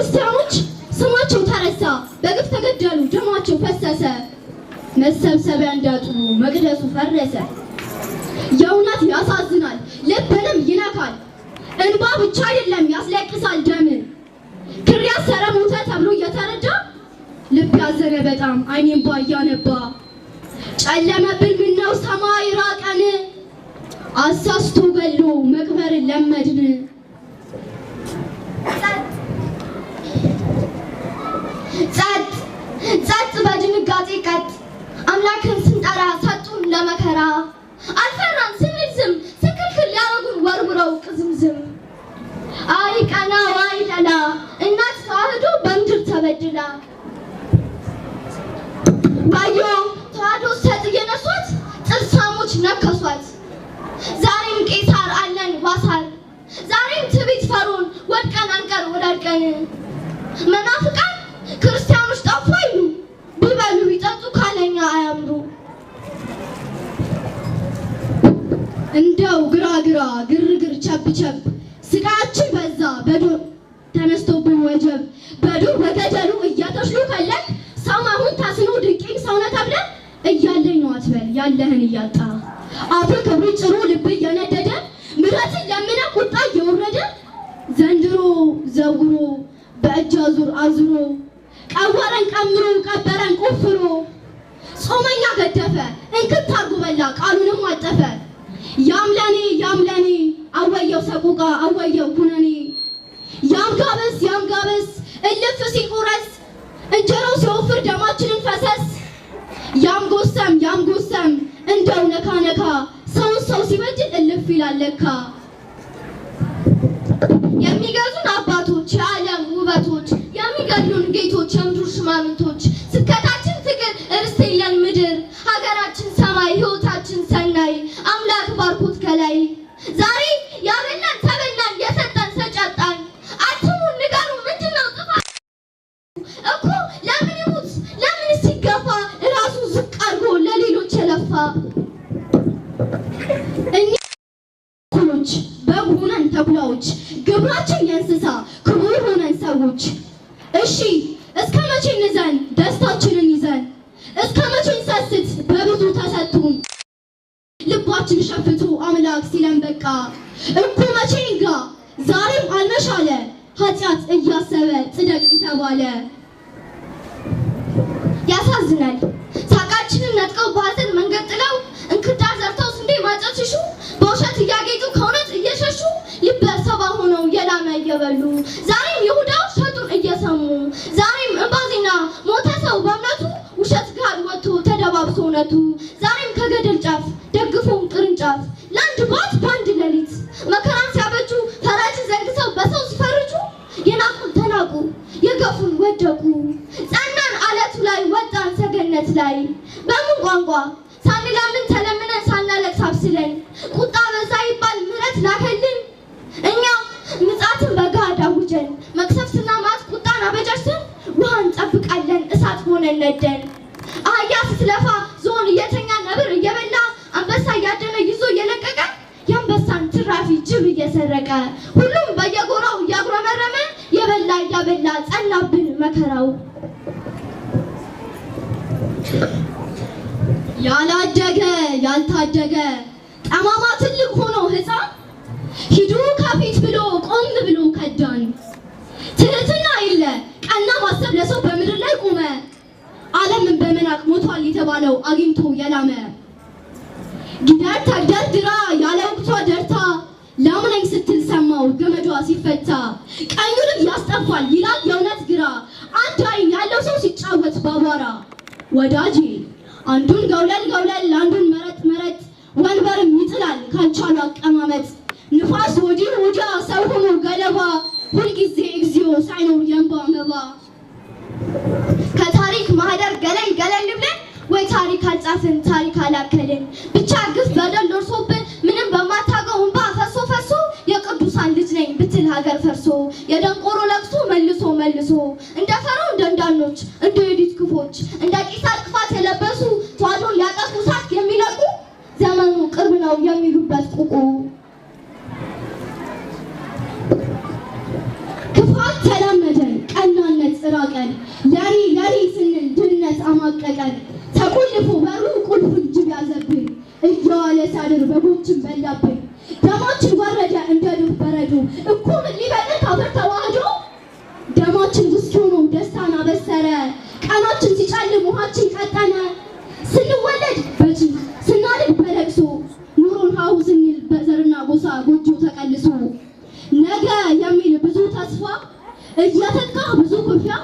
ክርስቲያኖች ስማቸው ተረሳ፣ በግፍ ተገደሉ፣ ደማቸው ፈሰሰ። መሰብሰቢያ እንዳጡ መቅደሱ ፈረሰ። የእውነት ያሳዝናል፣ ልብንም ይነካል። እንባ ብቻ አይደለም ያስለቅሳል ደምን ክር ያሰረ ሞተ ተብሎ እየተረዳ ልብ ያዘነ በጣም አይኔን እያነባ ጨለመብን ምነው ሰማይ ራቀን አሳስቶ ገሎ መቅበርን ለመድን ጸጥ ጸጥ በድንጋጤ ቀጥ አምላክን ስንጠራ ሰጡን ለመከራ አልፈራም ስንል ዝም ስክልክል ሊያረጉን ወርውረው ቅዝምዝም አይ ቀና ዋይ ቀና እናት ተዋህዶ በምድር ተበድላ ባዮ ተዋህዶ ሰጥ እየነሷት ጥርሳሞች ነከሷት። ዛሬም ቄሳር አለን ዋሳር ዛሬም ትቢት ፈሩን ወድቀን አንቀር ወዳድቀን መናፍ እንደው ግራግራ ግርግር ቸብ ስቃችን በዛ በዱር ተነስቶብን ወጀብ በዱር በገደሉ እያተሽሉ ከለን ሰው አሁን ታስኖ ድንቄኝ ሰውነት ተብለን እያለኝ ነው አትበል ያለህን እያጣ አፍ ክብሪ ጭሩ ልብ እየነደደ ምረትን ለምነ ቁጣ እየወረደ ዘንድሮ ዘውሮ በእጅ አዙር አዝሮ ቀወረን ቀምሮ ቀበረን ቆፍሮ ጾመኛ ገደፈ እንክት አርጎ በላ ቃሉንም አጠፈ ያም ለኔ ያም ለኔ አወየው ሰቁቃ አወየው ኩነኔ ያም ጋበስ ያም ጋበስ እልፍ ሲቆረስ እንጀራው ሲወፍር ደማችንን ፈሰስ ያም ጎሰም ያም ጎሰም እንደው ነካ ነካ ሰውን ሰው ሲበድል እልፍ ይላለካ የሚገዙን አባቶች የዓለም ውበቶች የሚገሉን ጌቶች የምድር ሽማምንቶች ስብከታችን ትግል እርስት የለን ምድር ሀገራችን ሰማይ ህይወታችን ሰናይ አምላክ ባርኮት ከላይ ዛሬ አልሰጡም። ልባችን ሸፍቶ አምላክ ሲለን በቃ እኮ መቼ እንጋ ዛሬም አልመሻለ ኃጢአት እያሰበ ጽደቅ የተባለ ያሳዝናል። ሳቃችንን ነጥቀው በሐዘን መንገድ ጥለው እንክዳር ዘርተው ስንዴ ማጨት ሽሹ በውሸት እያጌጡ ከእውነት እየሸሹ ልበ ሰባ ሆነው የላመ እየበሉ ይላል። በምን ቋንቋ ሳንለምን ተለምነን ሳናለቅስ አብስለን ቁጣ በዛ ይባል ምረት ላከልን። እኛ ምጻትን በጋ አውጀን መቅሰፍትና መዓት ቁጣን አበጃጅተን ውሃ እንጠብቃለን እሳት ሆነን ነደን። አህያ ስትለፋ ዞን እየተኛ ነብር እየበላ አንበሳ እያደነ ይዞ እየለቀቀ የአንበሳን ትራፊ ጅብ እየሰረቀ ሁሉም በየጎራው እያጉረመረመ የበላ እያበላ ጸናብን መከራው። ያላደገ ያልታደገ ጠማማ ትልቅ ሆኖ ህፃን ሂዱ ከፊት ብሎ ቆም ብሎ ከዳን። ትህትና የለ ቀና ማሰብ ለሰው በምድር ላይ ቆመ ዓለምን በመናቅ ሞቷል የተባለው አግኝቶ የላመ ጊደር ተግደርድራ ያለ ወቅቷ ደርታ ላምነኝ ስትል ሰማው ገመዷ ሲፈታ ቀኙንም ያስጠፋል ይላል የእውነት ግራ አንድ አይን ያለው ሰው ሲጫወት ባቧራ ወዳጄ አንዱን ገውለል ገውለል አንዱን መረጥ መረጥ ወንበርም ይጥላል ካልቻሉ አቀማመጥ ንፋስ ወዲህ ወዲያ ሰው ሆኖ ገለባ ሁልጊዜ እግዚኦ ሳይኖር የእንባ መባ ከታሪክ ማህደር ገለል ገለል ብለን ወይ ታሪክ አልጻፍን ታሪክ አላከልን ብቻ ግፍ በደል ደርሶብን ምንም በማታገው እንባ ፈሶ ፈሶ የቅዱሳን ልጅ ነኝ ብትል ሀገር ፈርሶ የደንቆሮ ለቅሶ መልሶ መልሶ እንደ ፈረው ደንዳኖች ሰዎች እንደ ቄሳር ቅፋት የለበሱ ተዋዶን ሊያጠፉ እሳት የሚለቁ ዘመኑ ቅርብ ነው የሚሉበት ቁቁ ክፋት ተላመደን ቀናነት ጽራቀን ለሪ ለሪ ስንል ድነት አማቀቀን ተቆልፎ በሩ ቁልፉን ጅብ ያዘብን እየዋለ ሳድር በጎችን በላብን ደማችን ወረደ እንደ ዱር በረዶ እኩል ሊበቅል ካፈር ተዋህዶ ደማችን ውስጥ ሆኖ ደስታን አበሰረ። ቀኖችን ሲጨልም ውሃችን ቀጠነ። ስንወለድ በጭንቅ ስናድግ በለቅሶ ኑሮን ሀሁ ስንል በዘርና ጎሳ ጎጆ ተቀልሶ ነገ የሚል ብዙ ተስፋ እየተካ ብዙ ኩርፊያ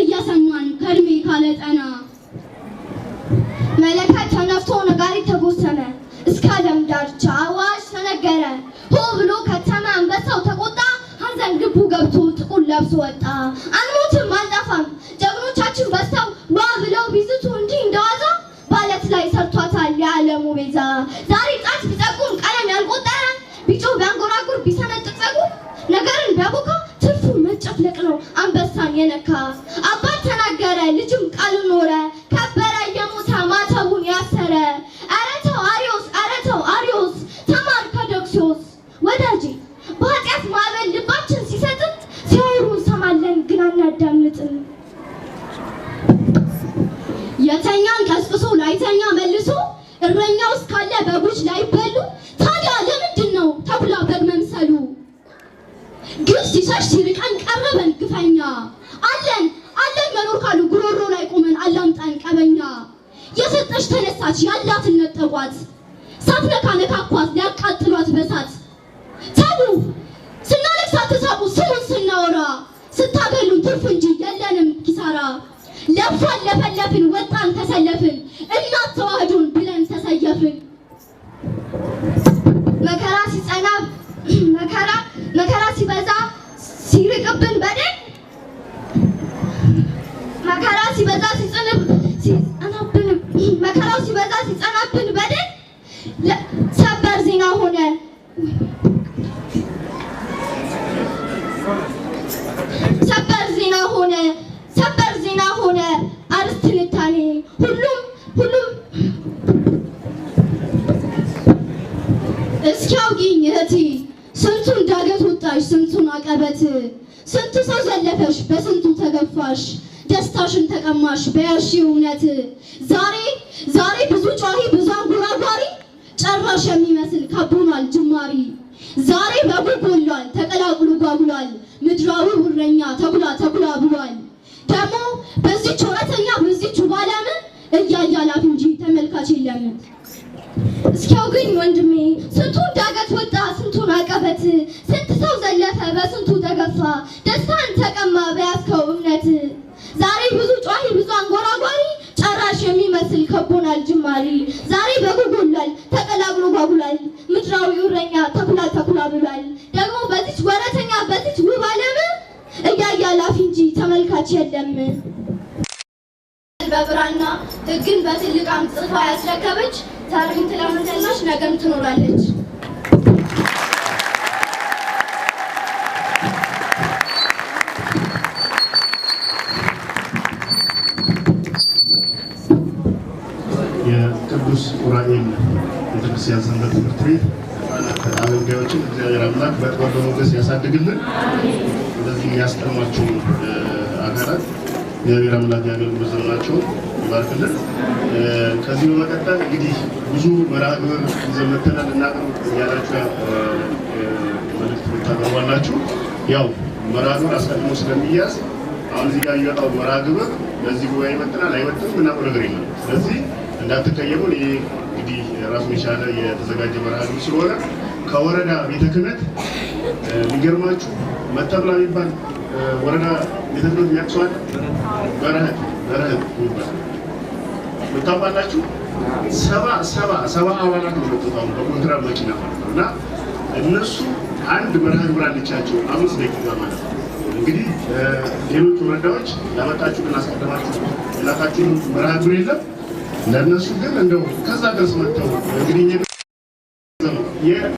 እያሰማን ከእድሜ ካለጠና መለከት ተነፍቶ ነጋሪት ተጎሰመ እስከ ዓለም ዳርቻ አዋጅ ተነገረ ሆ ብሎ ከተማ አንበሳው ተቆጣ ሀዘን ግቡ ገብቶ ጥቁር ለብሶ ወጣ አንሞትም አንጠፋም ጀግኖቻችን በስተው ሏ ብለው ቢዝቱ እንጂ እንደዋዛ ባለት ላይ ሰርቷታል የዓለሙ ቤዛ ዛሬ ጣት ቢጠቁም ቀለም ያልቆጠረ ቢጮ ቢያንጎራጉር ቢሰነጥቅ ጸጉር ነገርን ቢያቦካ ትርፉ መጨፍለቅ ነው አንበሳን የነካ ልጅም ቃሉ ኖረ ፈጥነሽ ተነሳች፣ ያላትን ነጠቋት፣ ሳትነካ ነካኳት፣ ሊያቃጥሏት በሳት ተዉ። ስናለቅስ አትሳቁ፣ ስሙን ስናወራ፣ ስታገሉን ትርፍ እንጂ የለንም ኪሳራ። ለፋን ለፈለፍን፣ ወጣን ተሰለፍን፣ እናት ተዋህዶን ብለን ተሰየፍን። መከራ ሲጸና መከራ መከራ ሲበዛ ሲርቅብን በደል መከራ ሲበዛ ሲጽንብ መከራው ሲበዛ ሲጸናብን በደል ሰበር ዜና ሆነ። ሰበር ዜና ሆነ። ሰበር ዜና ሆነ። አርዕስት ትንታኔ ሁሉም ሁሉም እስኪ አውጊኝ እህቴ ስንቱን ዳገት ወጣሽ፣ ስንቱን አቀበት፣ ስንቱ ሰው ዘለፈሽ፣ በስንቱ ተገፋሽ ደስታሽን ተቀማሽ በያሺ እውነት ዛሬ ዛሬ ብዙ ጮሂ ብዙ አንጎራጓሪ ጨራሽ የሚመስል ከቦኗል ጅማሪ ዛሬ በጉጎሏል ተቀላቅሎ ጓጉሏል ምድራዊ ውረኛ ተጉላ ተጉላ ብሏል። ደግሞ በዚች ወረተኛ በዚች ባለም እያየ እንጂ ተመልካች የለም። እስኪያው ግን ወንድሜ ስንቱን ዳገት ወጣ ስንቱን አቀበት ስንት ሰው ዘለፈ በስንቱ ተገፋ ደስታን ተቀማ በያዝከው ብዙ አንጎራጓሪ ጨራሽ የሚመስል ከቦናል ጅማሪ ዛሬ በጉጉሏል ተቀላቅሎ ጓጉሏል ምድራዊ እረኛ ተኩላ ተኩላ ብሏል። ደግሞ በዚች ወረተኛ በዚች ውብ ዓለም እያየ ላፊ እንጂ ተመልካች የለም። በብራና ህግን በትልቅ አምጽፋ ያስረከበች ታሪክን ትላንትናች ነገም ትኖራለች። ዑራኤል ቤተክርስቲያን ሰንበት ትምህርት ቤት አገልጋዮችን እግዚአብሔር አምላክ በጥበብ በሞገስ ያሳድግልን። እንደዚህ ያስጠሟቸው አካላት እግዚአብሔር አምላክ ያገልግሎት ዘመናቸውን ይባርክልን። ከዚህ በመቀጠል እንግዲህ ብዙ መርሃ ግብር ይዘን መጥተናል እና ያላችሁ መልዕክት ታቀርባላችሁ። ያው መርሃ ግብር አስቀድሞ ስለሚያዝ አሁን እዚህ ጋር የሚመጣው መርሃ ግብር ለዚህ ጉባኤ ይመጥናል አይመጥንም ምናውቀው ነገር የለም። ስለዚህ እንዳትቀየሙን። ይህ እንግዲህ ራሱን የቻለ የተዘጋጀ መርሃ ግብር ስለሆነ ከወረዳ ቤተ ክህነት የሚገርማችሁ መተብላ የሚባል ወረዳ ቤተ ክህነት ያቅሷል። በረህት በረህት ይባል ምታባላችሁ ሰባ ሰባ ሰባ አባላት ነው መጥተው በኮንትራት መኪና ማለት ነው እና እነሱ አንድ መርሃ ግብር አለቻቸው አምስት ደቂቃ ማለት ነው። እንግዲህ ሌሎች ወረዳዎች ያመጣችሁ ግን አስቀደማችሁ የላካችሁን መርሃ ግብር የለም ለእነሱ ግን እንደው ከዛ ድረስ መጥተው እንግዲህ